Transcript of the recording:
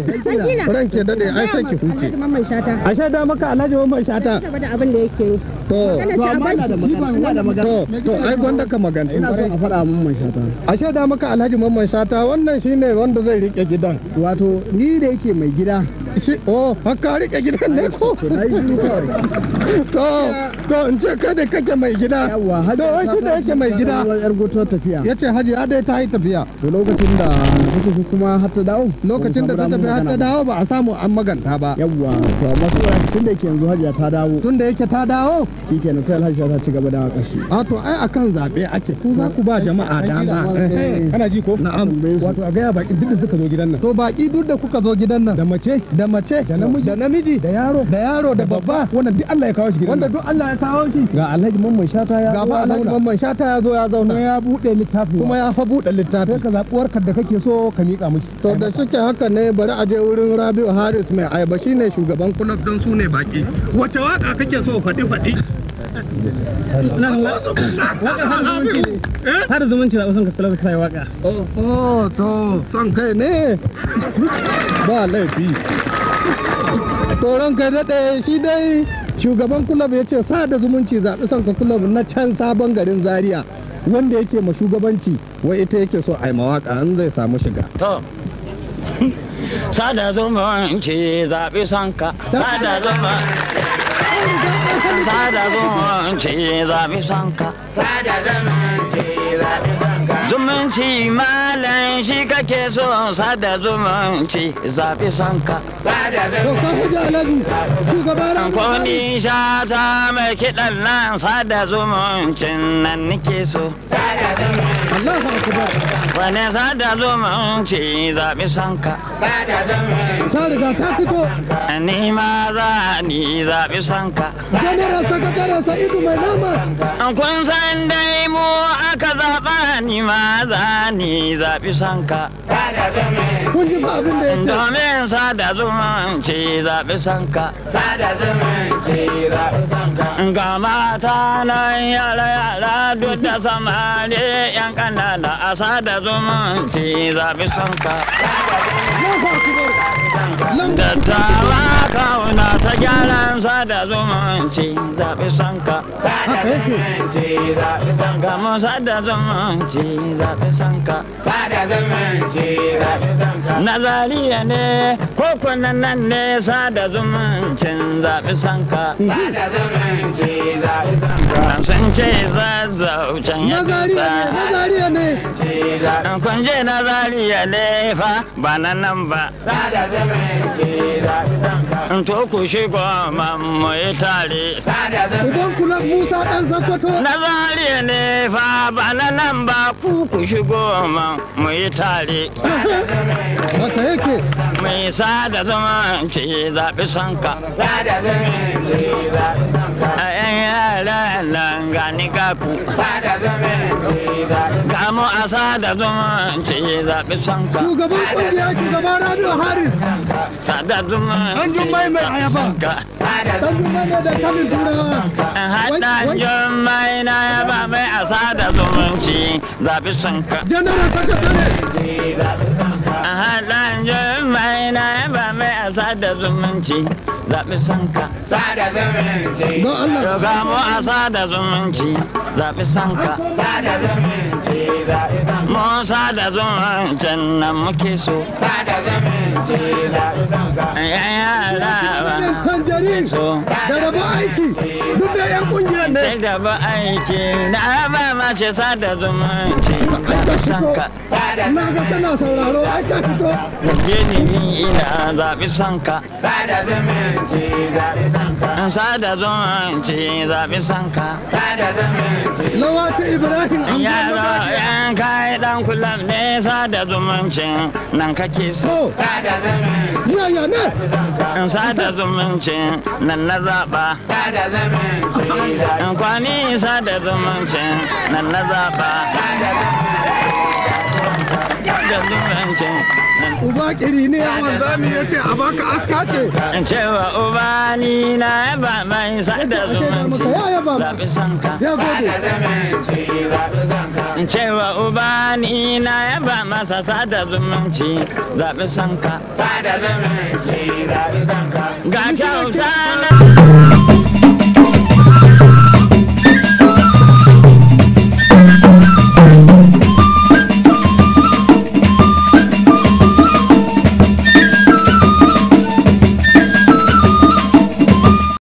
Ranke dade ai sai ki huce. A shaida maka Alhaji Mamman Shata. Saboda abin da yake To, to amma ina da magana. To, ai gwanda ka magana. Ina so a faɗa Mamman Shata. A shaida maka Alhaji Mamman Shata wannan shine wanda zai rike gidan. Wato ni da yake mai gida. Shi oh, haka rike gidan ne ko? To, to in ce kada kake mai gida. Yawwa, hajji. To, shi da yake mai gida. Yar goto tafiya. Yace Haji ya dai ta yi tafiya. To lokacin da kuma har ta dawo. Lokacin da ta tafi magana ta dawo ba a samu an maganta ba yawwa to masu tun da yake yanzu hajiya ta dawo tun da yake ta dawo shikenan sai alhaji ta ci gaba da kashi a to ai akan zaɓe ake ku za ku ba jama'a dama eh, eh. kana ji ko na'am wato a gaya baki duk da suka zo gidan nan to baki duk da kuka zo gidan nan da mace da mace da namiji da yaro da yaro da babba wanda duk Allah ya kawo shi gidan wanda duk Allah ya kawo shi ga alhaji mamman shata ya ga alhaji mamman shata ya zo ya zauna ya bude littafi kuma ya fa bude littafi sai ka zabi warkar da kake so ka mika mishi to da shike haka ne bari aje je wurin rabiu haris mai aiba ne shugaban kulab don su ne baki wace waka kake so faɗi faɗi har zumunci eh? da son ka kula da kai waka oh to son kai ne ba laifi toron kai daɗe shi dai shugaban kulab ya ce sa da zumunci zaɓi son ka kulab na can sabon garin zaria wanda yake ma shugabanci wai ita yake so a yi mawaƙa an zai samu shiga sada zumunci zaɓi sanka sada zumunci zaɓi sanka sada zumunci zaɓi sanka zumunci malam shi kake so sada zumunci zafi sanka komi sha ta mai kiɗan nan sada zumuncin nan nike so wane sada zumunci zafi sanka ni ma za ni zafi sanka kun san dai mu aka zaɓa ni ma zani zaɓi sanka. Domin sada zumunci zaɓi sanka. Ga mata nan yara yara duk da samari yan kanana a sada zumunci zaɓi sanka. Sada zumunci sanka. da zumunci zab'i sanka. Sada zumunci zab'i sanka. Gama sada zumunci zab'i sanka. Mhm. Sada zumunci zaɓi sanka. Nazariya ne koko kunan nan ne sada zumuncin zab'i sanka. Sada zumunci zab'i sanka. Nan sun ce zazzaucen ya kusa. Nazariya ne. Kun je nazariya ne fa ba nan nan ba. Sada zumunci zab'i sanka. To ku shi goma mai tare. Idan kula Musa ɗan Sokoto. Na zare ne fa ba na nan ba ku ku shigo ma mai tare. Haka yake. Mai sada zumunci zaɓi sanka. Sada zumunci zaɓi sanka. A ‘yan yaran nan gani gaku. Sada zumunci zaɓi sanka. Kamu a sada zumunci zaɓi sanka. Shugaban ƙungiya shugaban Rabiu Haris. sada zuma an jummai mai ayaba an jummai mai da kamin turawa an haɗa jummai na yaba mai a sada zumunci zaɓi sanka janar sakatare an haɗa jummai na yaba mai a sada zumunci zaɓi sanka sada zumunci roga mu a sada zumunci zaɓi sanka sada zumunci zaɓi sanka mu sada zumuncin nan muke so sada zumunci zaɓi Yan kanjari da raba aiki duk da yan kungiyar ne. Da raba aiki na ba ma ce sada zumunci. Sanka. Na ga tana sauraro ai ka fito. Yanzu ni ni ina zaɓi sanka. Sada zumunci zaɓi sanka. Sada zumunci zaɓi sanka. Sada zumunci. Lawa ta Ibrahim Amadu. Yaro yan kai dan kulam ne sada zumunci nan kake so. Sada zumunci. ya ne in da zumunci nan na zaɓa in kwani da zumunci nan na zaɓa Uba kiri ne ce a baka aska ce. cewa uba ni na yaba Ya gode. cewa masa sada zumunci. Zaɓi sanka. Sada zumunci zaɓi sanka. Ga kyauta na.